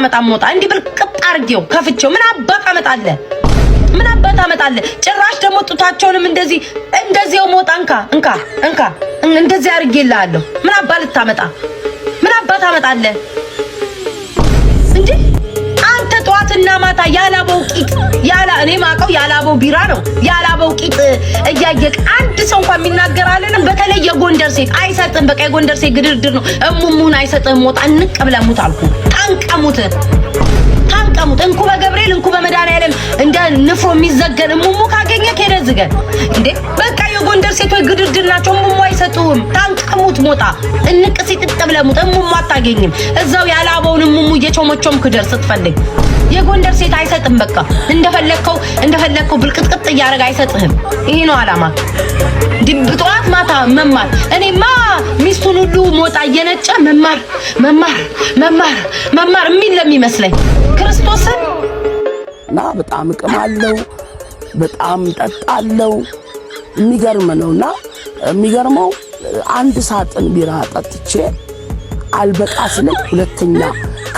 አመጣ ሞጣ እንዲህ ቅጥ አድርጌው ከፍቼው ምን አባ አመጣለ ምን አባ አመጣለ ጭራሽ ደግሞ ጡታቸውንም እንደዚህ እንደዚህው ሞጣ እንካ እንካ እንካ እንደዚህ አድርጌልሃለሁ። ምን አባ ልታመጣ ምን አባ አመጣለ እንዴ አንተ ጠዋትና ማታ ያላበው ቂጥ ያላ እኔ ማቀው ያላበው ቢራ ነው ያላበው ቂጥ እያየቅ አንድ ሰው እንኳን የሚናገር አለን በተለይ የጎንደር ሴት አይሰጥም። በቃ የጎንደር ሴት ግድርድር ነው። እሙሙን አይሰጥም። ሞጣ እንቀብለሙት አልኩ። ታንቀሙት ታንቀሙት። እንኩ በገብርኤል እንኩ በመድኃኒዓለም እንደ ንፍሮ የሚዘገን እሙሙ ካገኘ ከሄደ ከደዝገን እንዴ በቃ የጎንደር ሴቶች ግድርድር ናቸው። እሙሙ አይሰጡም። ታንቀሙት ሞጣ እንቅስ ይጥጥብለሙት እሙማ አታገኝም። እዛው ያላበውን አበውን እሙሙ እየቾመቾም ክደር ስትፈልግ የጎንደር ሴት አይሰጥም። በቃ እንደፈለግከው እንደፈለግከው ብልቅጥቅጥ እያደረገ አይሰጥህም። ይሄ ነው አላማ። ጠዋት ማታ መማር እኔማ ሚስቱን ሁሉ ሞጣ እየነጨ መማር መማር መማር መማር የሚል ለሚመስለኝ ክርስቶስን እና በጣም እቅማለሁ፣ በጣም ጠጣለሁ። የሚገርም ነውና የሚገርመው አንድ ሳጥን ቢራ ጠጥቼ አልበቃ ሲለኝ ሁለተኛ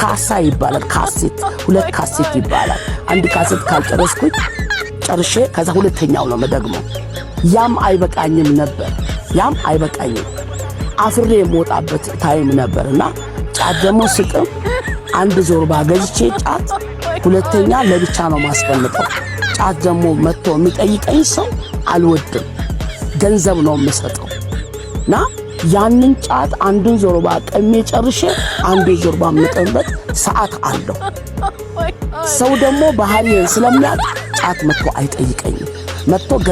ካሳ ይባላል። ካሴት ሁለት ካሴት ይባላል። አንድ ካሴት ካልጨረስኩኝ ጨርሼ ከዛ ሁለተኛው ነው መደግመው። ያም አይበቃኝም ነበር ያም አይበቃኝም አፍሬ የምወጣበት ታይም ነበር እና ጫት ደግሞ ስቅም አንድ ዞርባ ገዝቼ ጫት ሁለተኛ ለብቻ ነው ማስቀምጠው። ጫት ደግሞ መጥቶ የሚጠይቀኝ ሰው አልወድም። ገንዘብ ነው የምሰጠው እና ያንን ጫት አንዱን ዞርባ ቀሜ ጨርሼ አንዱን ዞርባ የምጠንበት ሰዓት አለው። ሰው ደግሞ ባህሪን ስለሚያውቅ ጫት መጥቶ አይጠይቀኝም መጥቶ